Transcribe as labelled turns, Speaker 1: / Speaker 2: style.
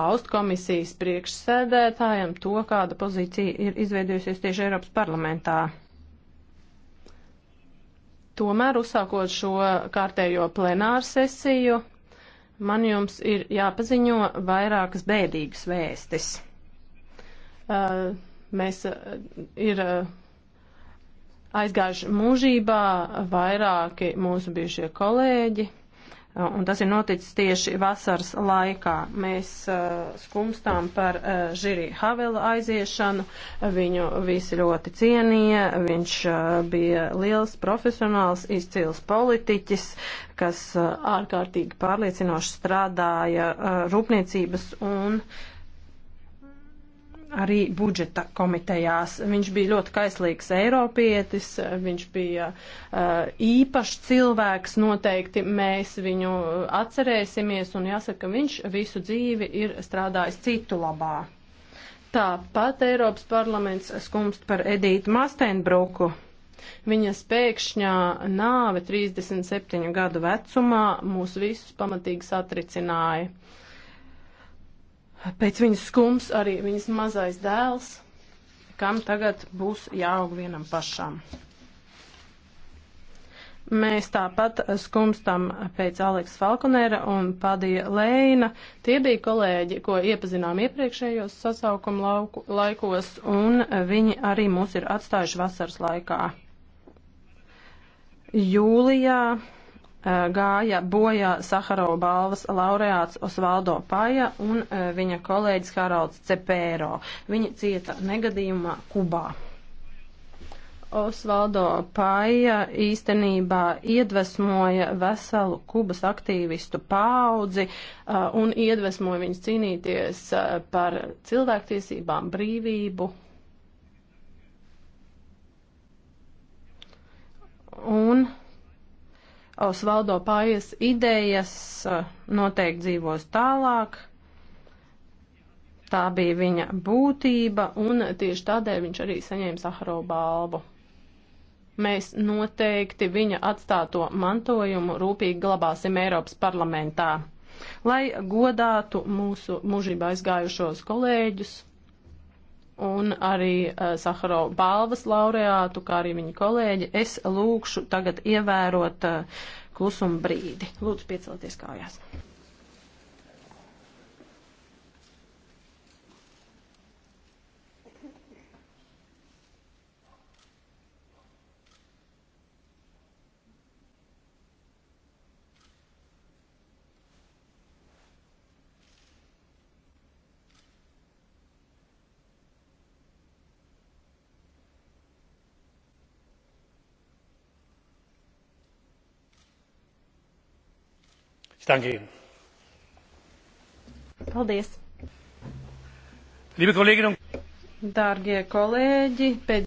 Speaker 1: Austkomisijas priekšsēdētājam to, kāda pozīcija ir izveidojusies tieši Eiropas parlamentā. Tomēr, uzsākot šo kārtējo plenāru sesiju, man jums ir jāpaziņo vairākas bēdīgas vēstis. Uh, mēs uh, ir uh, aizgājuši mūžībā vairāki mūsu bijušie kolēģi. Uh, un tas ir noticis tieši vasaras laikā. Mēs uh, skumstām par uh, Žiri Havela aiziešanu. Viņu visi ļoti cienīja. Viņš uh, bija liels profesionāls, izcils politiķis, kas uh, ārkārtīgi pārliecinoši strādāja uh, rūpniecības un uh, arī budžeta komitejās. Viņš bija ļoti kaislīgs eiropietis, viņš bija uh, īpašs cilvēks, noteikti mēs viņu atcerēsimies un jāsaka, ka viņš visu dzīvi ir strādājis citu labā. Tāpat Eiropas parlaments skumst par Edītu Mastenbruku. Viņas pēkšņā nāve 37 gadu vecumā mūs visus pamatīgi satricināja. Pēc viņas skums arī viņas mazais dēls, kam tagad būs jāaug vienam pašam. Mēs tāpat skumstam pēc Aleksa Falkonera un Padija Leina. Tie bija kolēģi, ko iepazinām iepriekšējos sasaukuma lauku, laikos, un viņi arī mūs ir atstājuši vasaras laikā. Jūlijā Eh, gāja bojā Saharova balvas laureāts Osvaldo Paja un eh, viņa kolēģis Haralds Cepēro. Viņi cieta negadījumā Kubā. Osvaldo Paja īstenībā iedvesmoja veselu Kubas aktīvistu paudzi eh, un iedvesmoja viņus cīnīties par cilvēktiesībām, brīvību Osvaldo Pājas idejas eh, noteikti dzīvos tālāk. Tā bija viņa būtība, un tieši tādēļ viņš arī saņēma Saharovu balvu. Mēs noteikti viņa atstāto mantojumu rūpīgi glabāsim Eiropas parlamentā, lai godātu mūsu mužībā aizgājušos kolēģus un arī uh, eh, Saharo balvas laureātu, kā arī viņa kolēģi, es lūkšu tagad ievērot uh, klusuma brīdi. Lūdzu, piecelties kājās. Ich danke Ihnen. Paldies. Liebe Kolleginnen und Kollegen, Dārgie kolēģi, pēc